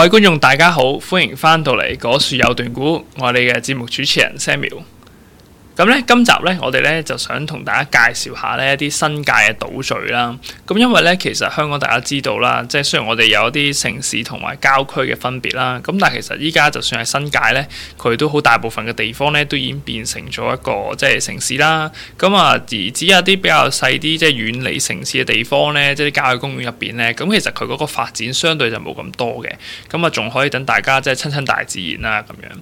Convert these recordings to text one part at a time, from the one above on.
各位觀眾，大家好，歡迎翻到嚟《果樹有段古》，我哋嘅節目主持人 Samuel。咁咧，今集咧，我哋咧就想同大家介紹下呢一啲新界嘅島嶼啦。咁因為咧，其實香港大家知道啦，即係雖然我哋有一啲城市同埋郊區嘅分別啦，咁但係其實依家就算係新界咧，佢都好大部分嘅地方咧都已經變成咗一個即係城市啦。咁啊，而至於一啲比較細啲，即係遠離城市嘅地方咧，即係郊野公園入邊咧，咁其實佢嗰個發展相對就冇咁多嘅。咁啊，仲可以等大家即係親親大自然啦咁樣。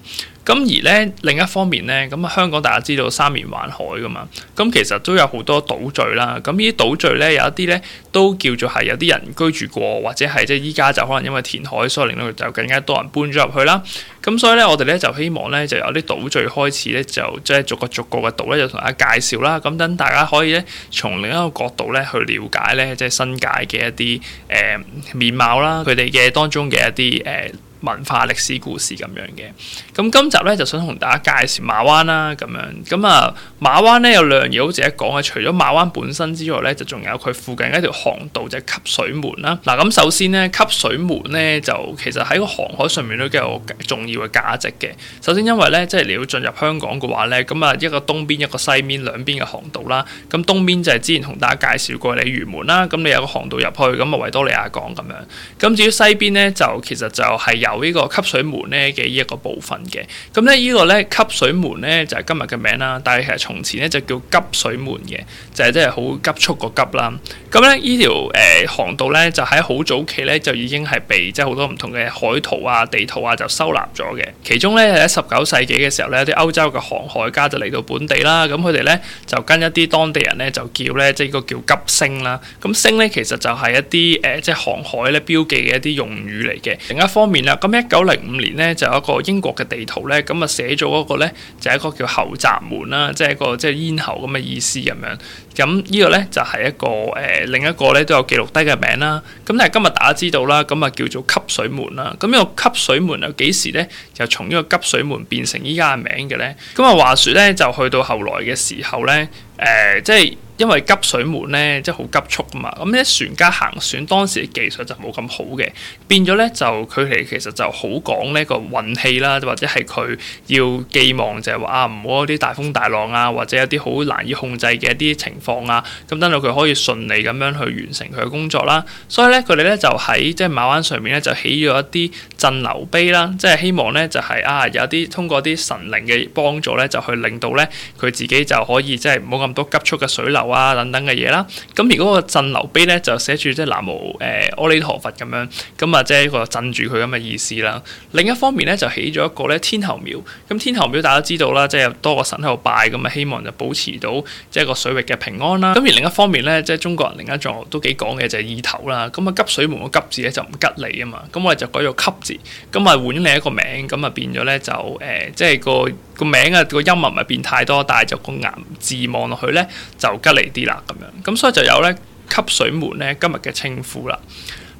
咁而咧另一方面咧，咁啊香港大家知道。三面環海㗎嘛，咁其實都有好多島嶼啦，咁呢啲島嶼咧有一啲咧都叫做係有啲人居住過，或者係即係依家就可能因為填海，所以令到就更加多人搬咗入去啦。咁所以咧，我哋咧就希望咧，就有啲島嶼開始咧，就即係、就是、逐個逐個嘅島咧，就同大家介紹啦。咁等大家可以咧，從另一個角度咧去了解咧，即、就、係、是、新界嘅一啲誒、呃、面貌啦，佢哋嘅當中嘅一啲誒。呃文化歷史故事咁樣嘅，咁今集咧就想同大家介紹馬灣啦，咁樣咁啊馬灣咧有兩樣嘢好值得講，除咗馬灣本身之外咧，就仲有佢附近一條航道就係吸水門啦。嗱，咁首先咧吸水門咧就其實喺個航海上面都幾有重要嘅價值嘅。首先因為咧即係你要進入香港嘅話咧，咁啊一個東邊一個西面兩邊嘅航道啦。咁東邊就係之前同大家介紹過鯉魚門啦，咁你有個航道入去，咁啊維多利亞港咁樣。咁至於西邊咧就其實就係有。呢個吸水門咧嘅呢一個部分嘅，咁咧呢個咧吸水門咧就係、是、今日嘅名啦，但係其實從前咧就叫急水門嘅，就係即係好急速個急啦。咁咧呢條誒航道咧就喺好早期咧就已經係被即係好多唔同嘅海圖啊、地圖啊就收納咗嘅。其中咧喺十九世紀嘅時候咧，啲歐洲嘅航海家就嚟到本地啦，咁佢哋咧就跟一啲當地人咧就叫咧即係個叫急星啦。咁星咧其實就係一啲誒、呃、即係航海咧標記嘅一啲用語嚟嘅。另一方面啦。咁一九零五年咧就有一個英國嘅地圖咧，咁啊寫咗嗰個咧就係、是、一個叫喉閘門啦，即、就、係、是、一個即係、就是、咽喉咁嘅意思咁樣。咁呢個咧就係、是、一個誒、呃、另一個咧都有記錄低嘅名啦。咁但係今日大家知道啦，咁啊叫做吸水門啦。咁呢個吸水門又幾時咧就從呢個吸水門變成依家嘅名嘅咧？咁啊話說咧就去到後來嘅時候咧，誒、呃、即係。因為急水門咧，即係好急速嘛，咁呢船家行船當時嘅技術就冇咁好嘅，變咗咧就佢哋其實就好講呢個運氣啦，或者係佢要寄望就係話啊唔好有啲大風大浪啊，或者有啲好難以控制嘅一啲情況啊，咁等到佢可以順利咁樣去完成佢嘅工作啦。所以咧佢哋咧就喺即係馬灣上面咧就起咗一啲鎮流碑啦，即係希望咧就係啊有啲通過啲神靈嘅幫助咧，就去令到咧佢自己就可以即係冇咁多急速嘅水流。啊，等等嘅嘢啦，咁而嗰個鎮樓碑咧就寫住即係南無誒、呃、阿彌陀佛咁樣，咁啊即係個鎮住佢咁嘅意思啦。另一方面咧就起咗一個咧天后廟，咁天后廟大家都知道啦，即係多個神喺度拜咁啊，希望就保持到即係個水域嘅平安啦。咁而另一方面咧，即係中國人另一座都幾講嘅就係意頭啦。咁啊，急水門個急字咧就唔吉利啊嘛，咁我哋就改咗汲字，咁啊換另一個名，咁啊變咗咧就誒即係個。名那個名啊，個音文咪變太多，但係就個顏字望落去呢，就吉利啲啦咁樣，咁所以就有呢吸水門呢，今日嘅稱呼啦。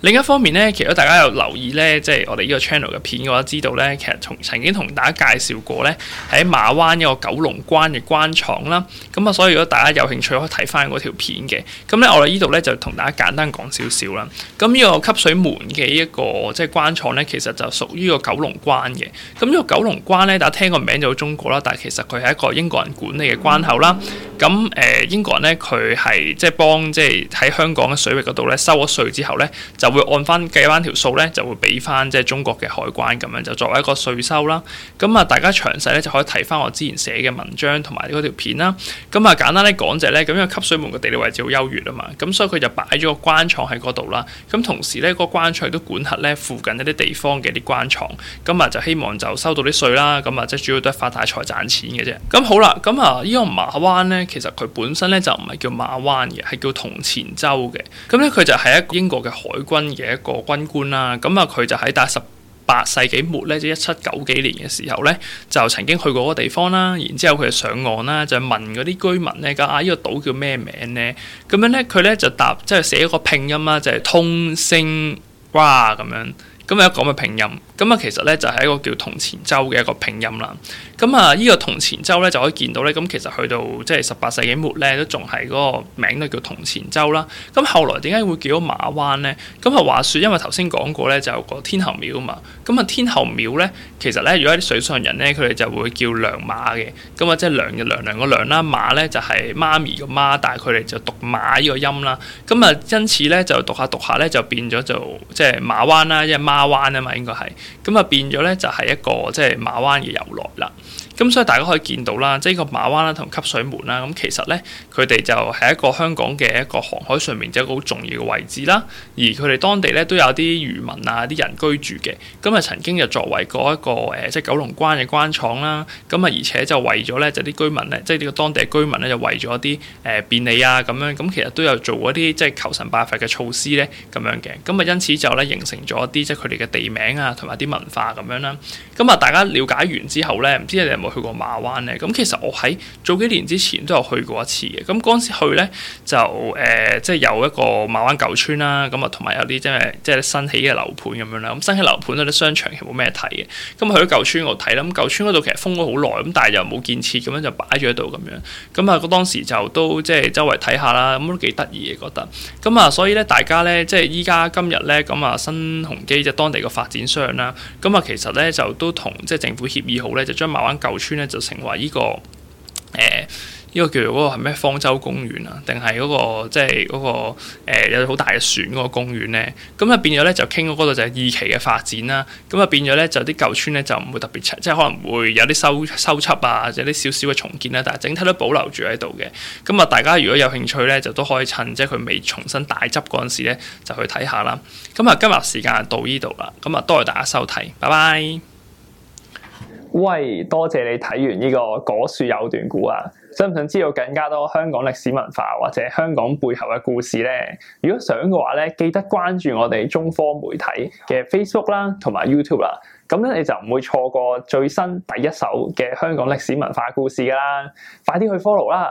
另一方面咧，其實大家有留意咧，即係我哋呢個 channel 嘅片嘅話，我都知道咧，其實從曾經同大家介紹過咧，喺馬灣一個九龍關嘅關廠啦。咁啊，所以如果大家有興趣可以睇翻嗰條片嘅。咁咧，我哋呢度咧就同大家簡單講少少啦。咁呢個吸水門嘅一個即係關廠咧，其實就屬於個九龍關嘅。咁呢個九龍關咧，大家聽個名就中國啦，但係其實佢係一個英國人管理嘅關口啦。咁、呃、英國人咧，佢係即係幫即係喺香港嘅水域嗰度咧收咗稅之後咧就。就會按翻計翻條數咧，就會俾翻即係中國嘅海關咁樣，就作為一個稅收啦。咁啊，大家詳細咧就可以睇翻我之前寫嘅文章同埋個條片啦。咁啊，簡單咧講就係咧，咁樣吸水門個地理位置好優越啊嘛。咁所以佢就擺咗個關廠喺嗰度啦。咁同時咧，個關廠都管轄咧附近一啲地方嘅啲關廠。咁啊，就希望就收到啲稅啦。咁啊，即主要都係發大財賺錢嘅啫。咁好啦，咁啊，呢個馬灣咧，其實佢本身咧就唔係叫馬灣嘅，係叫銅錢洲嘅。咁咧，佢就係一個英國嘅海關。嘅一個軍官啦，咁啊，佢就喺大十八世紀末咧，即一七九幾年嘅時候咧，就曾經去過個地方啦，然之後佢就上岸啦，就問嗰啲居民咧，咁啊，呢個島叫咩名咧？咁樣咧佢咧就答，即係寫一個拼音啦，就係通聲哇咁樣，咁有一個咁嘅拼音？咁啊，其實咧就係一個叫銅錢洲嘅一個拼音啦。咁啊，呢個銅錢洲咧就可以見到咧，咁其實去到即係十八世紀末咧，都仲係嗰個名都叫銅錢洲啦。咁後來點解會叫咗馬灣咧？咁啊話說因為頭先講過咧，就個個天后廟啊嘛。咁啊天后廟咧，其實咧如果啲水上人咧，佢哋就會叫娘馬嘅。咁啊即係娘嘅娘娘個娘啦，馬咧就係媽咪個媽，但係佢哋就讀馬呢個音啦。咁啊因此咧就讀下讀下咧就變咗就灣即係馬灣啦，因為媽灣啊嘛，應該係。咁啊變咗咧就係一個即係馬灣嘅由來啦。咁所以大家可以見到啦，即係個馬灣啦同吸水門啦。咁其實咧佢哋就係一個香港嘅一個航海上面就一個好重要嘅位置啦。而佢哋當地咧都有啲漁民啊啲人居住嘅。咁啊曾經就作為過一個誒即係九龍關嘅關廠啦。咁啊而且就為咗咧就啲居民咧即係呢個當地嘅居民咧就為咗啲誒便利啊咁樣。咁其實都有做一啲即係求神拜佛嘅措施咧咁樣嘅。咁啊因此就咧形成咗一啲即係佢哋嘅地名啊同埋，啲文化咁樣啦，咁啊大家了解完之後咧，唔知你哋有冇去過馬灣咧？咁其實我喺早幾年之前都有去過一次嘅。咁嗰陣時去咧就誒、呃，即係有一個馬灣舊村啦，咁啊同埋有啲即係即係新起嘅樓盤咁樣啦。咁新起樓盤嗰啲商場其實冇咩睇嘅。咁去咗舊村度睇啦，咁舊村嗰度其實封咗好耐，咁但係又冇建設咁樣就擺咗喺度咁樣。咁啊，當時就都即係周圍睇下啦，咁都幾得意嘅覺得。咁啊，所以咧大家咧即係依家今日咧咁啊新鴻基即係當地嘅發展商啦。咁啊，其實咧就都同即係政府協議好咧，就將馬灣舊村咧就成為呢、這個誒。呃呢個叫做嗰個係咩？方舟公園啊，定係嗰個即係嗰個、呃、有好大嘅船嗰個公園咧？咁啊變咗咧就傾到嗰度就係二期嘅發展啦。咁啊變咗咧就啲舊村咧就唔會特別即係可能會有啲收收葺啊，或者啲少少嘅重建啦，但係整體都保留住喺度嘅。咁啊，大家如果有興趣咧，就都可以趁即係佢未重新大執嗰陣時咧，就去睇下啦。咁啊，今日時間到呢度啦。咁啊，多謝大家收睇，拜拜。喂，多謝你睇完呢、這個果樹有段古啊！想唔想知道更加多香港歷史文化或者香港背後嘅故事咧？如果想嘅話咧，記得關注我哋中科媒體嘅 Facebook 啦，同埋 YouTube 啦。咁咧你就唔會錯過最新第一手嘅香港歷史文化故事噶啦。快啲去 follow 啦！